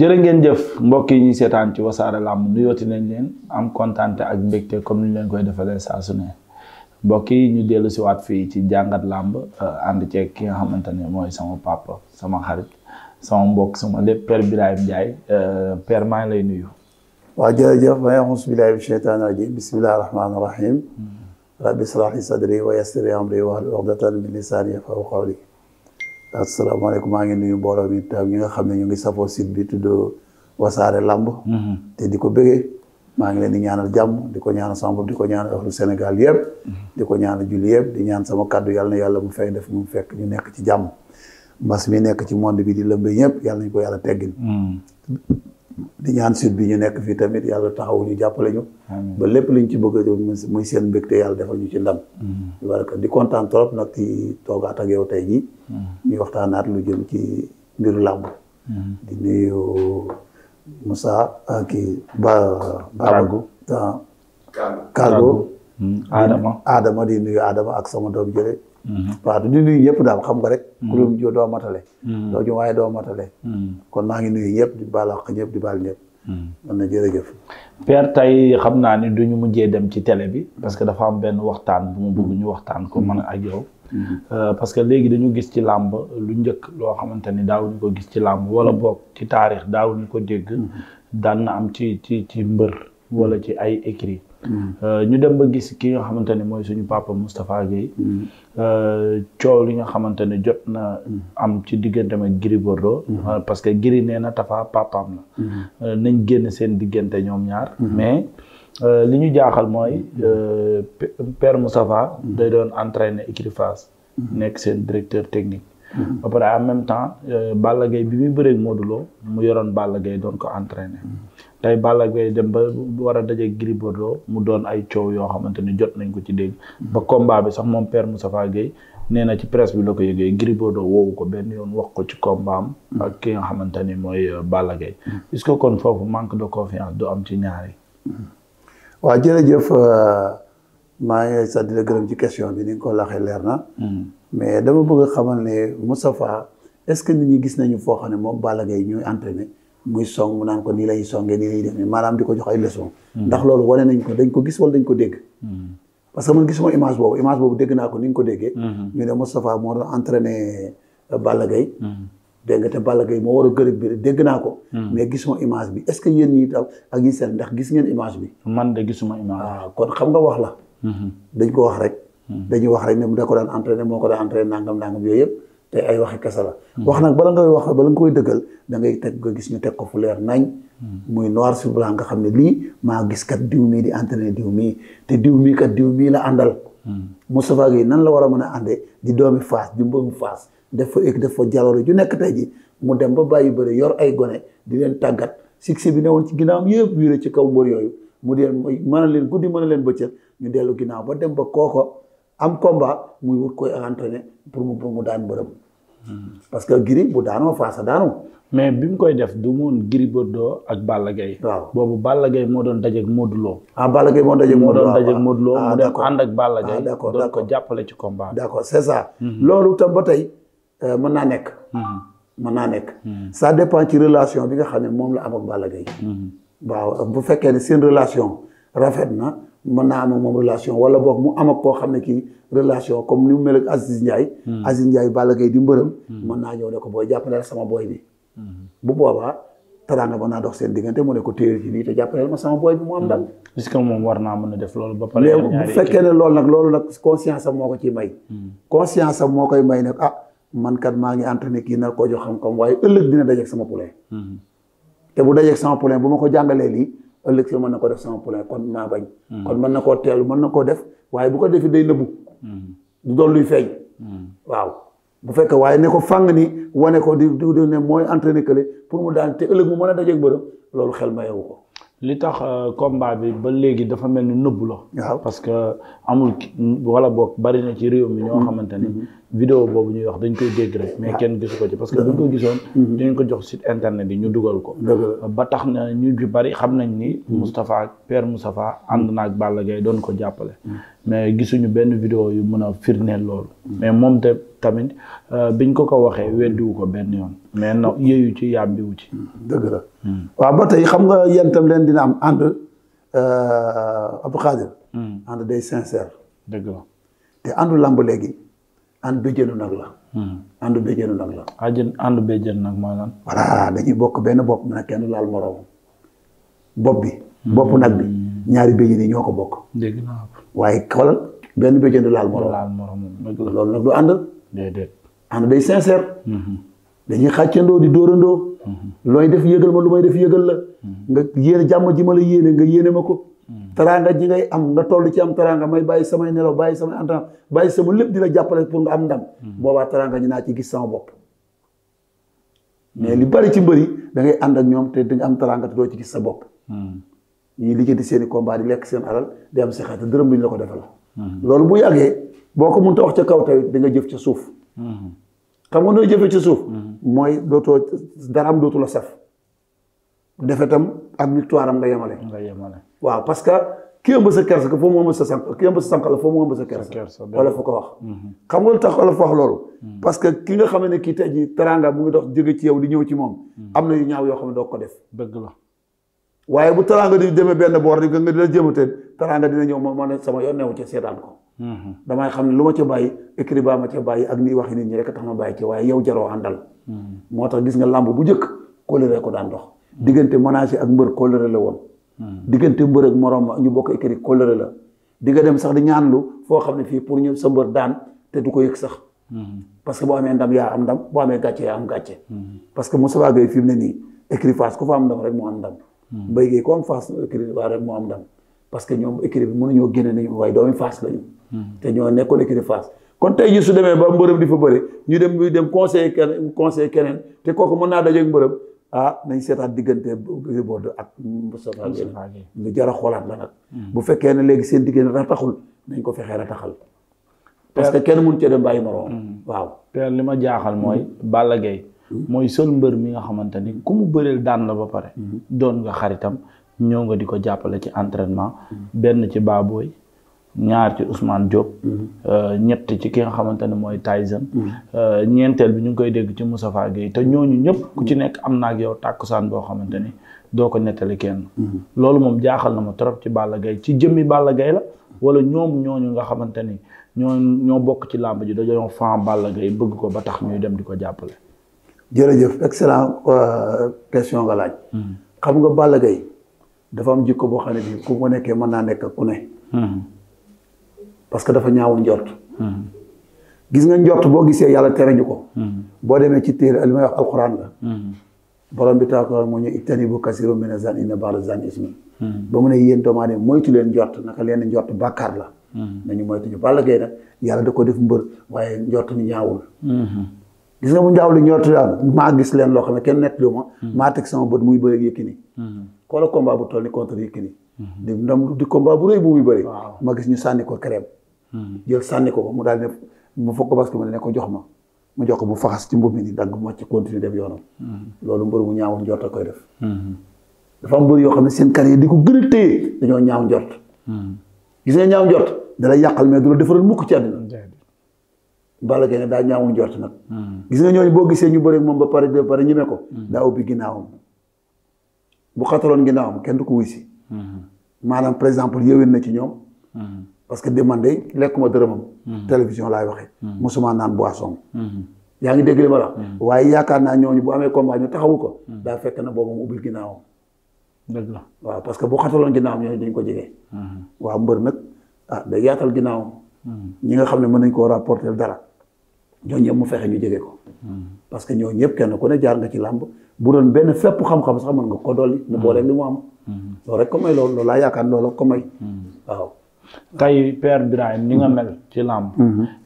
jërë ngeen jëf mbokk yi ñuy seetaan ci wasaare làmb nuyooti nañ leen am kontaan ak mbégte comme ni leen koy defalee saa su ne mbokk yi ñu dellu si waat fii ci jàngat làmb euh, ànd ceeg ki nga xamante ne mooy sama papa sama xarit sama mbokk sama lépp père Birahim Ndiaye euh, père maa ngi lay nuyu. waa jërëjëf maa ngi xuus billaahi bi sheytaani rajim bismillahi rahmaani rahim hmm. rabbi israh li sadri wa yassir li amri wahlul uqdatan min lisaani yafqahu qawli asalaamaaleykum maa ngi nuyu mbooloo mi tam ñu nga xam ne ñu ngi safoo site bi tudd wasaare lamb. Mhm. te di ko bëggee maa ngi leen di ñaanal jàmm di ko ñaanal sama di ko ñaanal waxlu Sénégal yëpp. Mhm. di ko ñaanal julli yëpp di ñaan sama kàddu yàlla na yàlla mu fay def mu fekk ñu nekk ci jàmm mbas mi nekk ci monde bi di lëmbe ñëpp yàlla nañ ko yàlla teggin mhm. di ñaan sud bi ñu nekk fii tamit yàlla taxaw ñu jàppale ñu. ba lépp luñ ci bëgg a muy seen mbégte yàlla defal ñu ci ndam. barka mm-hmm. di kontaan trop nag ci toogaat ak yow tey jii. Mm-hmm. ñuy waxtaanaat lu jëm ci mbiru làmb. Mm-hmm. di nuyu Moussa kii Ba Babou. Kaago Kaago. Adama Adama di nuyu Adama ak sama doom jële Mm-hmm. waaw du nuyu ñëpp daal xam nga rek ku dul jo doo matale mm-hmm. doo ju waaye mm-hmm. kon maa ngi nuyu ñëpp di baal ak baal ñëpp mën na jërëjëf Père tey xam naa ni duñu mujjee dem ci tele bi parce que dafa am benn waxtaan bu mu ñu waxtaan ko man ak yow euh, parce que léegi dañu gis ci làmb lu njëkk loo xamante ni daawuñu ko gis ci làmb wala boog ci taarix daawuñu ko dégg daan na am ci ci ci mbër wala ci ay écrit Euh, ñu dem ba gis ki nga xamante ne mooy suñu papa Moustapha Guèye mm. euh, coow li nga xamante ne jot na mm. am ci digganteem ak Gris Bordeaux mm. euh, parce que Gris nee na Tapha papaam la nañ génn seen diggante ñoom ñaar mais li ñu jaaxal mooy père Moustapha day doon entraîner écurie Fass nekk seen directeur technique ba pare en même temps Balla Gaye bi muy bëreeg Modou mu yoroon Balla Gaye doon ko entraîner tey Balla Gaye dem ba war a daje Gris mu doon ay coow yoo xamante ni jot nañ ko ci dégg. ba combat bi sax moom père Moustapha Guèye nee na ci presse bi la ko yëgee Gris Bordeaux ko benn yoon wax ko ci combat am. ak ki nga xamante ni mooy euh, Balla Gaye. ko kon foofu manque de confiance du am ci ñaari. waaw jërëjëf euh, maa ngi sax di la gërëm ci question bi ni ko laxee leer na. Hmm. mais dama bëgg a xamal ne Moustapha est-ce que nit ñi gis nañu foo xam ne moom Balla Gaye ñuy entraîné. muy song mu naan ko nii lay songee nii lay demee maanaam di ko jox ay leçon hmm. ndax loolu wane nañ ko dañ ko gis wala dañ ko dégg hmm. parce que man gisuma image dégg naa ko ni nga ko déggee hmm. ñu ne moo euh, dégg nga te Balla moo war a gërëb dégg naa ko mais gisuma image bi est-ce que yéen ñi daw ak ñi seen ndax gis ngeen image bi man de gisuma image ah, kon xam nga wax la dañ ko wax rek dañuy wax rek da ko daan entraîné moo ko daan entraîné nangam nangam yooyu yëpp te ay waxi kese la. wax nag bala ngay wax bala nga koy dëggal da teg nga gis ñu teg ko fu leer nañ. muy noir sur blanc nga xam ne lii maa giskat kat diw mii di entraîné diw mii te diw mii kat diw mii la àndal. Moustapha Gueye nan la war a mën a àndee di doomi Fass di mbërum faas def fa éeg def fa jaloore ju nekk tey ji mu dem ba bàyyi bëri yor ay gone di leen tàggat succès bi ne woon ci ginnaawam yëpp wiire ci kaw mbër yooyu mu dee mën a leen guddi mën a leen bëccëg ñu dellu ginnaaw ba dem ba kooko am combat muy wut koy entraîné pour mu pour mu daan bërëm parce que Gris bu daanoo faasa daanoo. mais bi mu koy def du moon Gris doo ak Balla Gaye. waaw boobu Balla Gaye moo doon dajeeg Modou Lo. ah Balla Gaye moo doon dajeeg Modou moo doon dajeeg Modou Lo mu ah, dem ànd ak Balla ah, Gaye. doon ko jàppale ci combat bi. Mhm. loolu tam ba tey euh, mën naa nekk. Mhm. mën naa nekk. Mhm. ça dépend ci relation bi nga xam ne moom la am ak Balla Gaye. waaw bu fekkee ne seen relation rafet na. mën naa am ak moom relation wala boog mu am ak koo xam ne kii relation comme ni mu mel ak Aziz Ndiaye. Hmm. Aziz Ndiaye Balla Gaye di mbërëm. Hmm. mën naa ñëw ne ko booy jàppaleel sama booy bi. Hmm. bu boobaa teraanga mën naa dox seen diggante mu ne ko téye ci nii te jàppaleel ma sama booy bi mu am dal. puisque moom war naa mën a def loolu ba pare. fekkee ne lool nag loolu nag conscience am moo ko ci may. conscience am moo koy may nag ah man kat maa ngi entraîné kii nag koo jox xam-xam waaye ëllëg sama poulain. te bu dajeeg sama bu ma ko jàngalee lii ëllëg si mën na ko def sama poulain kon naa bañ. Hmm. kon mën na koo teelu mën na koo def waaye bu ko defee day nëbbu. Hmm. du doon luy feeñ. Hmm. waaw bu fekkee waaye ne ko fàng ni wane ko di di ne mooy entraîné kële pour mu daan te ëllëg mu mën a dajeeg bërëm loolu xel mayewu ko. li tax euh, combat bi ba léegi dafa mel ni nëbbu la. parce que amul wala boog bari na ci réew mi ñoo mm-hmm. xamante ni. Mm-hmm. vidéo boobu ñuy wax dañ koy dégg rek mais ah. kenn gisu ko ci parce que mm-hmm. buñ ko gisoon. dañ ko jox site internet yi ñu dugal ko. Euh, ba tax na ñu ci bari xam nañ ni. mustafaa per Moustapha ànd na ak Balla Gaye doon ko jàppale. mais gisuñu benn video yu mun a firndeel loolu. mais moom tamit tamit euh, biñ ko ko waxee weddiwu ko benn yoon. mais na yéeyu ci yàbbiwu ci. waaw ba tey xam nga yéen leen dina am ànd euh, Abdou Khadir. Hmm. ànd day sincère. la te àndu làmb léegi ànd béjjénu nag la. Hmm. ànd béjjénu nag la. àjjën ànd béjjénu nag mooy dañuy bokk benn bopp mu kenn laal moroom bi. Hmm. bopp nag bi ñaari béjjén yi ñoo ko bokk. dëgg waaye xoolal benn béjjén du laal moroom. loolu nag du ànd. déedéet ànd day sincère. dañuy xàccandoo di dóorandoo mhm. looy def yëgal ma lu may def yëgal la mhm. nga yéene jàmm ji ma la yéene nga yéene ma ko mhm. taraanga ji ngay am nga toll ci am taraanga may bàyyi samay nelaw bàyyi samay entraînement bàyyi sama lépp di jàppale pour nga am ndam boobaa taraanga ñu naa ci gis sama bopp mais li bari ci mbëri da ngay ànd ak ñoom te di nga am taraanga te doo ci gis sa bopp ñuy lijjanti seen i combat di lekk seen alal di am sa xeet dërëm bi ñu la ko defal loolu bu yàggee boo ko mënta wax ca kaw tamit di jëf ca suuf xam nga nooy jëfee ci suuf. Mm-hmm. mooy dootoo daraam dootu la saf. defetam ak victoire am nga yemale. nga yemale waaw parce que ki ëmb sa kersa foo mu ëmb sa sànq ki ëmb sa sànq la foo mu ëmb sa kersa. wala fa ko wax. Mm-hmm. xam nga lu tax wala fa wax loolu. Mm-hmm. parce que ki nga xam ne kii tey jii teranga mu ngi dox jóge ci yow di ñëw ci moom. am na yu ñaaw yoo xam ne doo ko def. dëgg la waaye bu teranga di demee benn boor di nga dina jëmatee teranga dina ñëw ma ma ne sama yoon newu ci seetaan ko. damay xam ne lu ma ca bàyyi écrit baa ma ca bàyyi ak nii waxi nit ñi rek tax ma bàyyi ci waaye yow jaroo àndal moo tax gis nga làmb bu njëkk kóllëre ko daan ndox diggante ménage ak mbër kóllëre la woon diggante mbër ak morom ñu bokk écrit kóllëre la di nga dem sax di ñaanlu foo xam ne fii pour ñu sa daan te du ko sax parce que boo amee ndam yaa am ndam boo amee gàcce parce que Moustapha Gueye fi mu ne nii écrit face fa am ndam rek mu am ndam Mbaye Gueye ku am face écrit rek mu am ndam parce que ñoom écurie bi mënuñoo génne nañu waaye doomi Fass lañu. Hmm. te ñoo nekkoon écurie Fass. kon tey jii su demee ba mbërëm di fa bëre ñu dem ñu dem conseil keneen conseil keneen te kooku mën naa dajeeg mbërëm ah nañ seetaat diggante Gris ak Moustapha Guèye lu jar a xoolaat la nag. Hmm. bu fekkee ne léegi seen diggante rataxul nañ ko fexee rataxal. parce que kenn mun cee dem bàyyi moroom. Hmm. waaw te li ma jaaxal mooy. Balla Gaye mooy seul mbër mi nga xamante ni ku mu bëreel daan la ba pare. doon nga xaritam. ñëw nga di ko jàppale ci entraînement mm-hmm. benn ci Baboy ñaar ci Ousmane Diop. Mm-hmm. Euh, ñett ci ki nga xamante ne mooy Tyson. Mm-hmm. Euh, ñeenteel bi ñu ngi koy dégg ci Moustapha Gueye te ñooñu ñëpp ku ci nekk am na ak yow tàkkusaan boo xamante ni doo ko nettali kenn. loolu moom jaaxal na ma trop ci Balla Gaye ci jëmmi Balla gay la wala ñoom ñooñu nga xamante ni ñoo ñoo bokk ci làmb ji dañoo fan Balla gay bëgg ko ba tax ñuy dem di ko jàppale. jërëjëf excellent euh, question nga laaj. xam nga Balla dafa am jikko boo xam ne bii ku ko nekkee mën naa nekk ku ne. Hmm. parce que dafa ñaawu njort. Hmm. gis nga njort boo gisee yàlla tere ñu ko. Hmm. boo demee ci téere li may wax alxuraan la. borom bi taala moo ñu ijtanibu kasiiran mina ba mu ne yéen doomu aadama moytu leen njort naka leen njort bàkkaar la. nañu moytu ñu Balla Gaye nag yàlla da ko def mbër waaye njort ñu ñaawul. gis nga bu ñaawul njort daal maa gis leen loo xam ne kenn nettaliwu ma. maa teg sama bët muy bëre Yékini. xoola combat bu toll ni contre Yékini di ndam di combat bu rëy bu muy bëri ma gis ñu sànni ko crème hmm. jël sànni ko mu daal ne mu fokk ko parce que mu ne ko jox ma mu jox ko mu faxas ci mbubb mi ni dagg ma ci continuer dem yoonam hmm. loolu mbër mu ñaawoon njort a koy def hmm. dafa am mbër yoo xam ne seen carrière di ko gën a téye dañoo ñaaw njort gis nga ñaaw njort dana yàqal mais du la defaral mukk ci àddina Balla Gaye daal daa ñaawul njort nag gis nga ñooñu boo gisee ñu bëri moom ba pare ba pare ñeme ko daa ubbi ginnaawam bu xataloon ginnaawam kenn du ko wuy si. Mm-hmm. maanaam par exemple yéwén na ci ñoom. Mm-hmm. parce que man demandé lekkuma dërëmam. Mm-hmm. télévision laay waxee. mosuma naan boisson. yaa ngi dégg li ma la. waaye yaakaar naa ñooñu bu amee combat ñu taxawu ko. daa fekk na boobu mu ubbil ginnaawam. waaw parce que bu xataloon ginnaawam ñooñu dañ ko jege. waaw mbër nag ah day yaatal ginnaawam. ñi nga xam ne mën nañ koo rapporter dara. ñoo ñëpp mu fexe ñu jege ko. parce que ñoo ñëpp kenn ku ne jaar nga ci làmb bu doon benn fépp xam-xam sax mën nga ko dolli. mu hmm. boole li mu am. Hmm. loolu rek ko may loolu loolu laa yaakaar loolu ko may. Hmm. waaw. tey Père ni nga mel ci làmb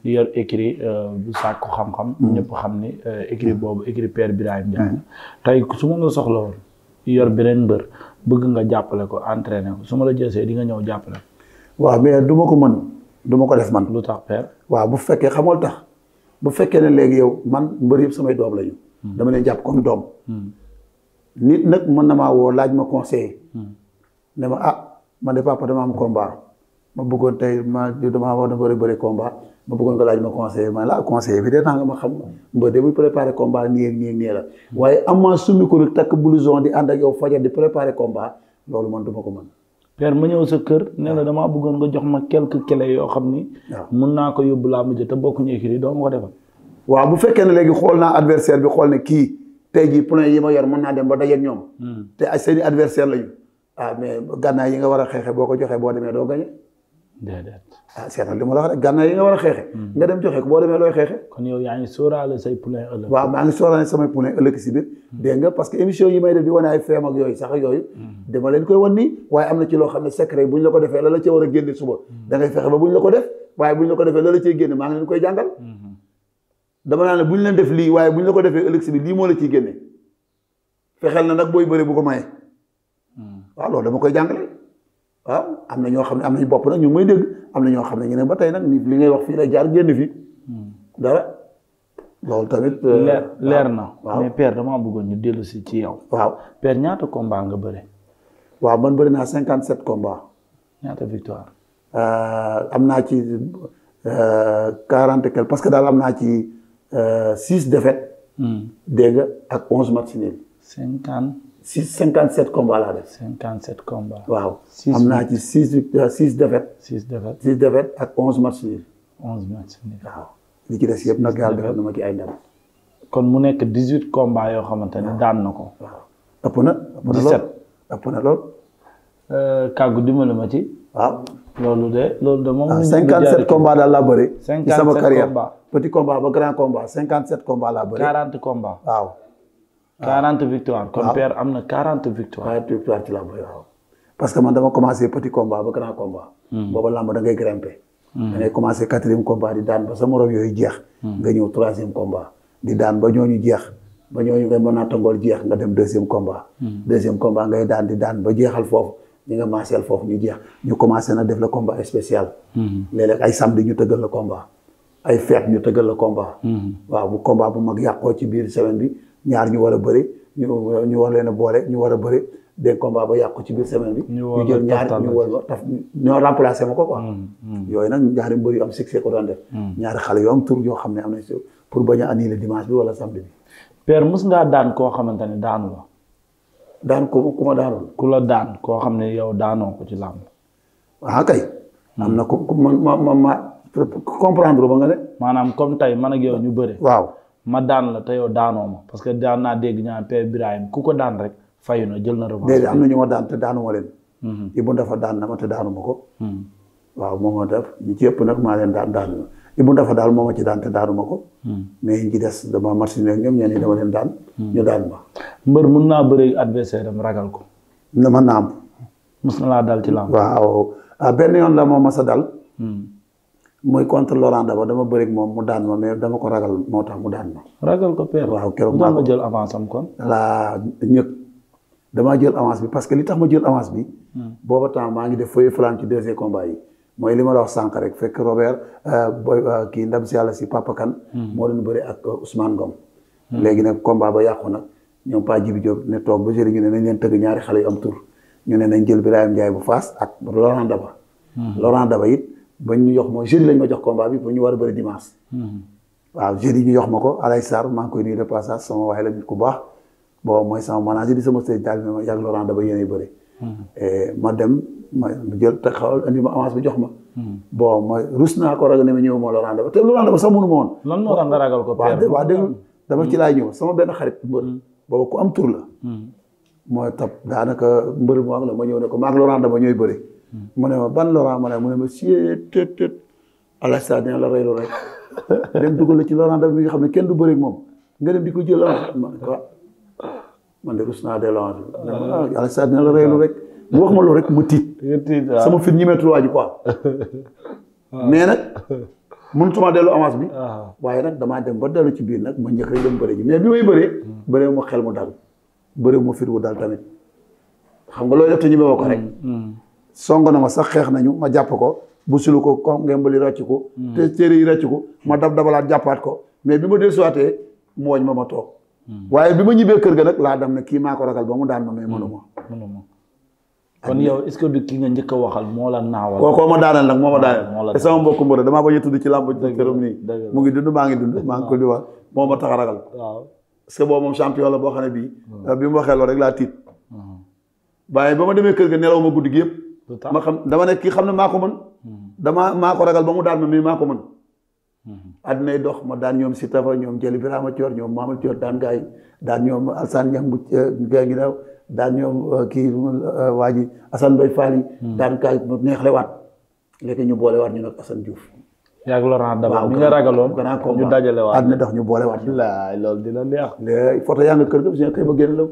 yor écrit euh, bu sàkku xam-xam ñëpp xam ni euh, écrit boobu écrit Père Birahim Ndiaye tey su ma la soxla woon yor beneen mbër bëgg nga jàppale ko entraîné ko su ma la jësee di nga ñëw jàppale ko waaw mais du ma ko mën du ma ko def man lu tax Père waaw bu fekkee xamul tax bu fekkee ne léegi yow man mbër yëpp samay doom lañu dama leen jàpp comme doom. Hmm. nit nag mën na maa woo laaj ma conseiller. Hmm. ne ma ah man de papa dama am combat ma bëggoon tey ma damaa war a bëri bëri combat ma bëggoon nga laaj ma conseiller ma la ah, conseiller bi de nga ma xam ba de muy préparer combat nii ak nii ak nii la. waaye am maa summi ko nag takk blouson di ànd ak yow fajar di préparer combat loolu man du ma ko man père ma ñëw sa kër ne la damaa bëggoon nga jox ma quelques clés yoo xam ni. waaw mun naa ko yóbbu laa mujj te bokkuñu écrits yi doo ma ko defal. waaw bu fekkee ne léegi xool naa adversaire bi xool ne kii te jii points yi ma yor mën naa dem ba dajeeg ñoom. Hmm. te ay seeni adversaire lañu. Ah, gànnaay yi nga war a xeexe boo ko joxee boo demee doo gañe. déedéet ah, yi nga war a xeexe. Hmm. nga dem joxe ko boo demee looy xeexe. kon yow yaa ngi sóoraale say poulain ëllëg. waaw maa ngi sóoraale samay poulain ëllëg si biir. Hmm. dégg parce que émission yi may def di wane ay feem ak yooyu sax ak yooyu. dama leen koy wan nii waaye am na ci loo xam ne secret bu ñu la ko defee la la ci war a génne suba. da ngay fexe la ko def waaye bu la ko defee la la maa ngi koy jàngal. dama naa ne bu ñu leen def lii waaye bu ñu la ko defee ëllëg bi lii moo la ciy génne fexeel na nag booy bëri bu ko may hmm. waaw loolu dama koy jàngale waaw am na ñoo xam ne am nañu bopp nag ñu ngi may am na ñoo xam ne ñu ne ba tey nag li ngay wax la jaar génn fii hmm. dara loolu tamit. Euh, leer na. waaw mais père damaa bëggoon ñu dellu si ci yow. waaw ñaata combat nga waaw man bëri naa cinquante sept ñaata victoire. Euh, am naa ci euh, quarante quelque parce que daal am naa ci. Euh, six défaites. Hmm. dégg nga ak onze matchs nuls. cinquante. six cinquante sept combats laa def. cinquante sept combats. waaw am naa ci six euh, six défaites. six défaites six défaites ak onze matchs nuls. onze matchs nuls. waaw li ci des yëpp nag yàlla defal na ma ci ay ndam. kon mu nekk dix huit combats yoo xamante ne daan na ko. waaw ëpp na. ëpp na lool ëpp na lool. Euh, ma ci. waaw. loolu de loolu de moom. 57 ah, combats daal laa bëri. 57 ci sama ba grand combat 57 combats laa bëri. 40 am na 40 victoires. 40 victoires ci laa man dama commencé petit combat ba grand combat. Hmm. booba da ngay grimper. Hmm. da commencé quatrième combat di daan ba sa yooyu jeex. Hmm. nga ñëw troisième combat. di daan ba ñooñu jeex. ba ñooñu ngay mën a tangool jeex nga dem deuxième combat. deuxième combat nga daan di daan ba jeexal foofu. ñi nga maaseel foofu ñu jeex ñu commencé na def le combat spécial. Mhm. léeg-léeg ay samedi ñu tëggal le combat. ay fête ñu tëggal le combat. Mhm. waaw bu combat bu mag yàqoo ci biir semaine bi ñaar ñu war a bëri ñu ñu war leen a boole ñu war a bëri des combat ba yàqu ci biir semaine bi. ñu jël ñaar ñu war taf ñoo remplacé ma ko quoi. Mhm. yooyu nag ñaari mbër yu am succès ko doon def. ñaari xale yoom am tur yoo xam ne am nañ pour bañ a annuler dimanche bi wala samedi bi. koo xamante ne daanu la daan ko ku ma ku la daan koo xam ne yow daanoo ko ci làmb. ah kay. Hmm. am na ku ma ma ma comprendre ba nga ne. maanaam comme tey man ak yow ñu bëre. waaw ma daan la te yow daanoo parce que daan naa dégg ñaan Père Birahim ku ko daan rek fayu na jël na revanche. déedéet am na ñu ma daan te daanuma leen. Hmm. Ibou Ndafa daan na ma te daanuma ko. Hmm. waaw moo ma def ñu ci ëpp nag maa leen daan daan li mu dafa daal a ci daan te ma ko. Hmm. mais ñi des dama martiné ak ñoom ñenn ñi dama leen daan. Hmm. ñu daan ma. mbër mun naa bëri adversaire ragal ko. na ma naam. mos na laa dal ci làmb. waaw ah, benn yoon la moo ma a dal. Hmm. muy contre Laurent Daba dama bëri moom mu daan ma mais dama ko ragal moo tax mu daan ma. ragal ko père waaw keroog maa ko jël avance am kon. laa ñëkk damaa jël avance bi parce que li tax ma jël avance bi. booba temps maa ngi def feuille flam ci deuxième mooy li ma la wax sànq rek fekk Robert euh, boy euh, kii ndab si yàlla si Papa hmm. moo doon bëri ak euh, Ousmane Ngom hmm. léegi nag combat ba yàqu nag ñoom Pa Jibi Diop ne toog ba jëri ñu ne nañ leen tëgg ñaari xale yu am tur ñu ne nañ jël Birahim Ndiaye bu faas ak Laurent Daba hmm. Laurent Daba it bañ ñu jox mooy jeudi lañ ma jox combat bi ba ñu war a bëri dimanche waaw jeudi ñu yox ma ko Alay Sarr maa ngi koy nuyu de passage sama waay la nit ku baax bon mooy sama manager di sama sëñ daal bi ma yàgg Laurent bëri Eh, ma dem ma jël te xawal andi ma avance bi jox ma. Hmm. bon ma rus naa ko ragal ne ma ñëw moo la rendez-vous te lu rendez sax mënu ma woon. lan moo tax nga ragal ko. père hmm. dama ci laay ñëw sama benn xarit. mbër hmm. booba ku am tur la. mooy tab daanaka mbër mu mag la ma ñëw ne ko maag Laurent dama ñooy bëri. mu ne ma ban Laurent ma ne mu ne ma siyee tët tët ala saa dina la reylu rek dem dugal la ci Laurent dama mi nga xam ne kenn du bëri moom nga dem di ko jël la ma. man de rus naa delloo ah yàlla saa dina la reelu rek mu wax ma loolu rek ma tiit. sama fit ñemeetul waa ji quoi. mais nag mënutuma dellu avance bi. Ah. waaye nag damaa dem ba dellu ci biir nag ma njëkk rek dem bëri ji bi may bëree. Hmm. bëree ma xel mu dal. bëree ma fit wu dal tamit. xam nga looy def te ñemewoo ko rek. Hmm, hmm. song na ma sax xeex nañu ma jàpp ko. busulu ko ko ngembali ràcc ko. te cër yi ràcc ko ma dab dabalaat jàppaat ko mais bi ma dellusiwaatee Hmm. waaye bi ma ñibbee kër ga nag laa dem ne kii maa ko ragal ba mu daan ma mais mënuma hmm. mënuma kon yow est moo la naawal kookoo ma daanal nag moo ma daanal te sama mbokku mbër damaa bañ ngi dund maa ngi ko di moo a ragal waaw parce que boobu moom la boo xam ne bii hmm. bi rek laa tiit waaye ba ma kër ga nelaw ma guddi gi yëpp ma xam dama ne kii xam ne maa ko mën dama maa ko ragal ba mu daan ma mais maa ko mën addunay dox ma daan ñoom si tafa ñoom jëli Birama Thior ñoom Mamadou Thior daan gaay daan ñoom Alsaan Ñang bu eh, ngi daw daan ñoom eh, kii eh, waa ji Assane Mbaye Fall yi hmm. daan kaay mu neexle waat léegi ñu boole waat ñu nag Assane Diouf yaa ngi Laurent Daba mi nga ragaloon ñu dajale waat àdduna dox ñu boole waat laay loolu dina neex léegi photo yaa nga kër ga xëy ma génn law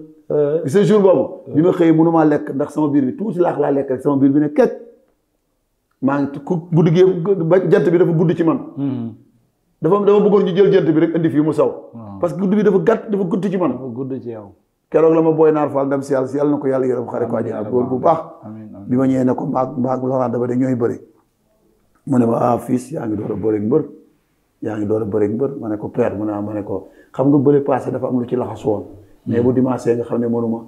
gis nga jour boobu bi ma xëyee mënumaa lekk ndax sama biir bi tuuti laax laa lekk rek sama biir bi ne kecc maa ngi ku guddi gi ba jant bi dafa gudd ci man hmm. dafa dama bëggoon ñu jël jant bi rek indi fii mu saw. parce que gudd bi dafa gàtt dafa gudd ci man. dafa gudd ci yow. keroog la ma booy naar faal ndam si yàlla si yàlla na ko yàlla yërëm xare ko àjjana góor bu baax. bi ma ñëwee ne ko maag bëri. mu ne ma ah fils yaa ngi door a yaa ngi door a bëri mbër ma ne ko père mu ne ma ne ko xam nga bëri passé dafa am ci laxas woon. mais bu dimanche nga xam ne mënuma.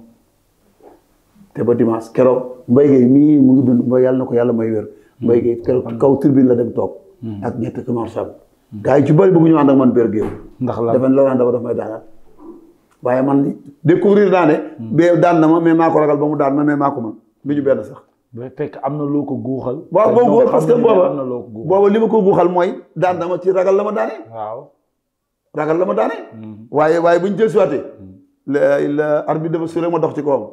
te ba dimanche keroog mbay gay mii mu ngi dund na ko yàlla may wér. Hmm. mbay gay keroog kaw tribune la dem toog. Hmm. ak ñett commencé gars yi ci bëri bëgguñu ànd ak man biir géew. ndax la ma Laurent Daba daf may waaye man découvrir naa ne. Hmm. bee daan ma mais maa ko ragal ba mu daan ma mais maa ko man lu ñu benn sax. ba fekk am na loo ko guuxal. waaw boobu parce que booba booba li ma ko guuxal mooy daan dama ci ragal la ma daanee. waaw ragal la ma daanee. Hmm. waaye waaye bu ñu jël siwaatee. Hmm. la la arbitre dafa suuree ma dox ci kawam.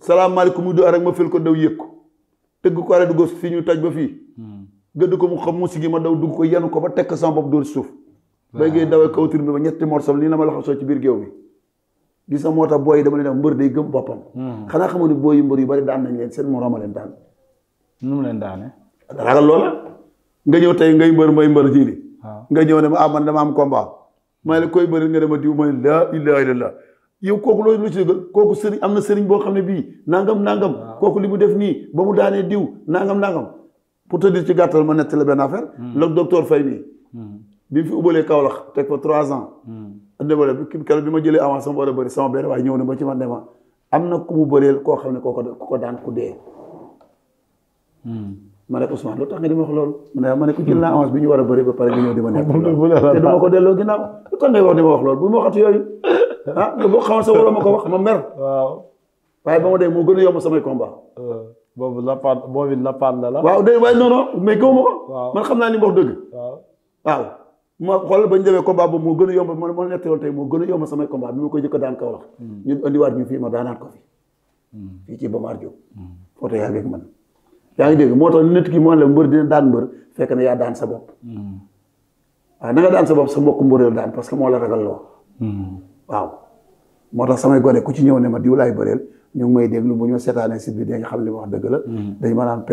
salaamaaleykum mu do rek ma fël ko daw yëg ko. tëgg ko arrêt de gauche fii ñu taj ba fii. gëdd ko mu xam mu sigi ma daw dugg ko yenu ko ba tekk sama bopp dóor suuf bay ngay dawee kaw tur bi ba ñetti morsom nii la ma laxasoo ci biir géew bi gis nga moo tax booy dama leen mbër day gëm boppam hmm. xanaa xamoon ne booy yu mbër yu bari daan nañ leen seen moroom leen daan mu leen daane ragal loola nga ñëw tey ngay mbër may mbër jii nga ñëw ne ma am ah, man dama am komba maa la koy bëri nga dema diw ma ne laa ilaha illallah yow kooku loolu lu ci kooku sëriñ am na sëriñ boo xam ne bii nangam nangam kooku li mu def nii ba mu daanee diw nangam nangam pour te dire ci gàttal ma nettali benn affaire. Hmm. la docteur Faye nii. Hmm. bi mu fi ubalee Kaolack teg fa trois ans. ndébale hmm. bi keroog bi ma jëlee avance sama war a bëri sama benn waaye na ba ci man ne ma am na ku mu bëreel koo xam ne koo ko daan ku dee. ma ko Ousmane loolu tax nga di ma wax loolu. ma ne ko jël naa avance bi ñu war a bëri ba pare nga ñëw di ma nekk. te du ma ko delloo ginnaaw lu tax ngay wax di ma wax loolu bu ma waxatu yooyu. ah nga boo sa waroo ma ko wax ma mer. waaw waaye ba ma dee moo gën a yomb samay combat. Euh. boobu lappaat boobu lappaat la la. waaw day waaye non non mais gëw ma ko. man xam naa ni mu dëgg. waaw ma xool ba ñu demee combat boobu moo gën a yomb moo ma nekk tey moo gën a yomb samay combat bi ma koy jëkk daan kaw la. Hmm. ñu fii ma daanaat ko fi. Hmm. fii ci Bamar Diop. foto hmm. yaa ngi man yaa ngi dégg moo tax nit ki moo la mbër dina daan mbër fekk na yaa daan sa bopp. waaw na daan sa bopp sa mbokk mbëreel daan parce que moo la ragal loo. waaw moo tax samay gone ku ci ñëw ne ma diw laay ñu ngi may déglu bu ñu ma seetaanee site bi dañu xam li ma wax dëgg la. Mm-hmm. dañu ma naan am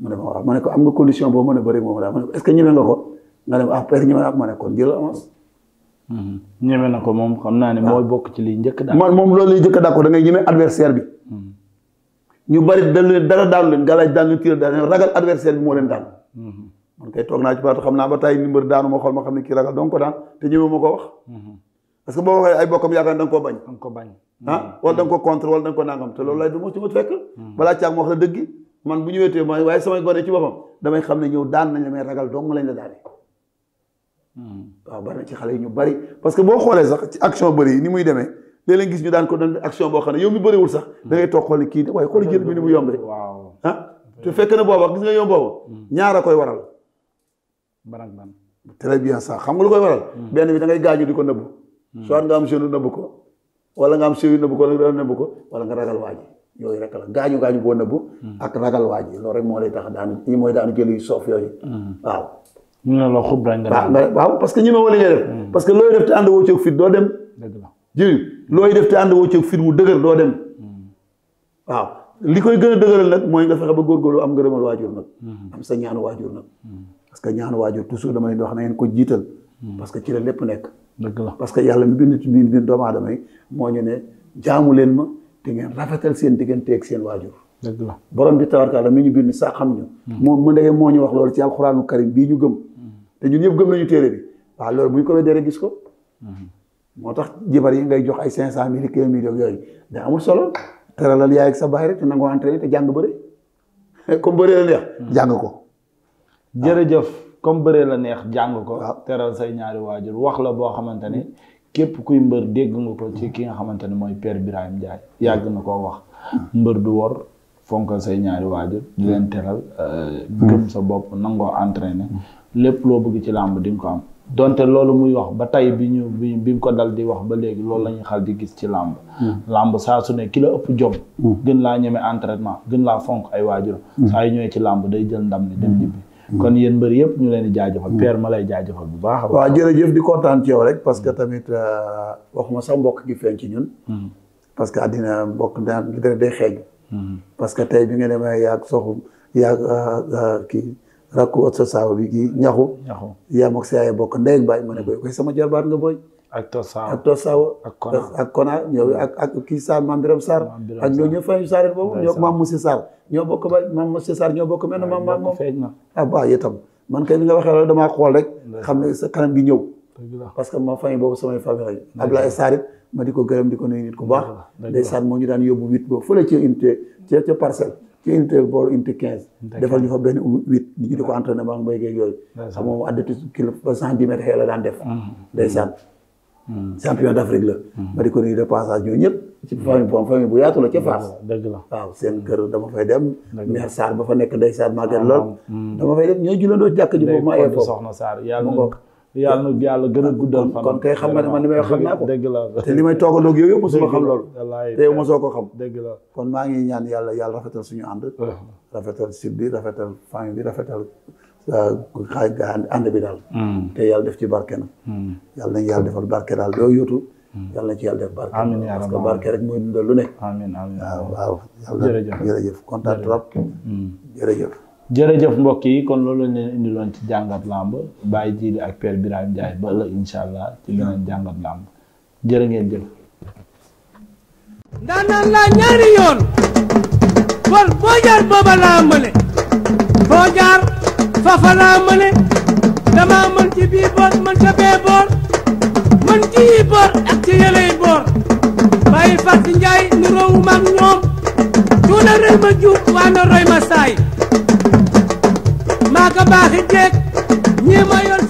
naa am nga condition boo mën a bëri moom ah mm-hmm. na ko moom xam naa ne ah. mooy bokk ci liy njëkk a. man moom loolu liy njëkk a da ngay ñeme adversaire bi. Mm-hmm. ñu bari dañ leen dara daanu leen galaaj daan leen tiir daan man kay toog naa ci baatu xam naa ba tey numéro daanu ma xool ma xam ne kii ragal donc daan te ñëwee ma ko wax parce que boo waxee ay bokkam yaakaar ne da nga koo bañ. da nga ko hmm. contre wala da ko nangam te loolu lay du ma ci ma fekk. Hmm. balaa caag ma wax la dëgg man bu ñu wéetee mooy waaye samay gone ci boppam damay xam ne ñëw daan nañ la may ragal dong la daanee. Hmm. waaw bari na ci xale yi ñu bari parce que boo xoolee sax ci action bëri yi ni muy demee léeg gis ñu daan ko doon action boo xam ne yow mi bëriwul sax da ngay toog xool kii waaye xool jël bi ni mu yombee. waaw ah te fekk na booba gis nga yow boobu ñaar a koy waral. très bien xam nga lu koy waral. benn bi da ngay gaañu di ko nëbbu Hmm. soit nga am seenu nëbb ko wala nga am sew yu nëbb ko wala nga nëbb ko ragal waa yooyu rek la gaañu gaañu boo nëbb hmm. ak ragal waa ji loolu rek moo lay tax daanu ñi mooy daanu jël yu soof yooyu hmm. waaw ñu ne la nga waaw parce que ñi ma wala parce que looy def te ànd doo dem looy def te ànd woo ci fit mu dëgër doo dem waaw li koy gën a dëgëral nag mooy nga fexe ba góorgóorlu am ngërëmal waajur nag am sa ñaanu waajur nag parce que ñaanu waajur toujours dama leen na ngeen ko jiital parce que ci la lépp nekk dëgg la parce que yàlla mi bind ci biir biir doomu aadama moo ñu ne jaamu leen ma te ngeen rafetal seen digganteeg seen waajur. dëgg la borom bi tabarkaala mi ñu bind sax xam ñu. Hmm. moom mu ndege moo ñu wax loolu ci alxuraanu karim bii ñu gëm. Hmm. te ñun ñëpp gëm nañu téere bi waaw loolu bu ñu ko weddee rek gis ko. Hmm. moo tax jibar yi ngay jox ay cinq cent mille kii million yooyu da amul solo teralal yaay ak sa baay rek te nangoo entraîné te jàng bëre comme bëre la neex jàng ko comme bëree la neex jàng ko. teral say ñaari waajur wax la boo xamante ni képp kuy mbër dégg nga ko ci ki nga xamante ni mooy per Birahim Ndiaye yàgg na koo wax. mbër du wor fonkal say ñaari waajur. di leen teral. Euh, gëm sa bopp nangoo entraîné. lépp loo bëgg ci làmb di ko am. donte loolu muy wax ba tey bi ñu bi bi ko dal di wax ba léegi loolu la ñuy xal di gis ci làmb làmb saa su ne kilo la ëpp jom. Mm. gën laa ñeme entraînement gën laa fonk ay waajur. Mm. saa yu ñëwee ci làmb day jël ndam ni Mm. kon yéen mbër yëpp ñu leen di jaajëfal mm. père ma lay jaajëfal bu baax a waaw jërëjëf di kontaan ci yow rek parce que tamit euh, waxuma sax mbokk gi feeñ ci ñun mm. parce que àddina mbokk daan day xeeñ parce que tey bi nga demee yaag soxum yaag euh, euh, kii rakku ot sa saaw bi kii ñaxu ñaxu yaa mag si yaay bokk ndey ak ma ne koy sama jarbaat nga booy ak Tosaaw ak Tosaaw ak Kona ñoo ak ak kii Sarr maam Biram Sarr ak ñoo ñëpp fay Sarr boobu ñoo maam Moussa Sarr ñoo bokk ba maam Moussa Sarr ñoo bokk ba ah, man kay li nga xam ne sa kanam gi ñëw parce que ma famille boobu samay famille lañu Ablaye Sarr it ma di ko gërëm di ko nuyu nit ku baax ndeysaan moo ñu daan yóbbu huit boobu fële ci unité ci ca parcelle ci unité booru unité quinze defal ñu fa benn huit di ñu di ko entraîné maa ngi cent dix mètres xëy la daan def mm-hmm. ndeysaan Hmm. champion d' Afrique la. ma hmm. di ko nuyu de passage ñooñu ñëpp. ci famille boobu famille bu yaatu la ca Fass. dëgg la waaw seen hmm. kër dama fay dem. mère Sarr ba fa nekk Ndeye Sarr Maguette lool. Ah, dama fay dem ñoo julandoo jàkk ji boobu maa yee foofu. soxna Sarr yàlla na yàlla na gën a guddal. kon kay xam nga ne man li may xam naa ko. dëgg la li may toogandoo ak yow yëpp mosuma xam loolu. te yow kon maa ngi ñaan yàlla yàlla rafetal suñu ànd. Uh-huh. rafetal sud bi rafetal famille bi rafetal ànd bi daal. Mm. te yàlla def ci barke na mm. yàlla nañu yàlla defal barke daal loo yóotu. Mm. yàlla na ci yàlla def barke. amiin yaa rabbi barke rek mooy dundal lu ne. amiin amiin waaw waaw. jërëjëf jërëjëf kontaan trop. jërëjëf. jërëjëf mbokk yi kon loolu lañ leen ci jàngat làmb Baye Djily ak Père Birahim Ndiaye ba ëllëg allah ci beneen jàngat làmb jërë ngeen jëf. ndaanaan laa ñaari yoon. kon boo jaar booba laa mëne. boo jaar. fafa laa mën ci mën ca mën ci yi boor ak ci yëley nu roowu maag ñoom cuuna rëy ma waa na roy ma maa ko baaxi ñii ma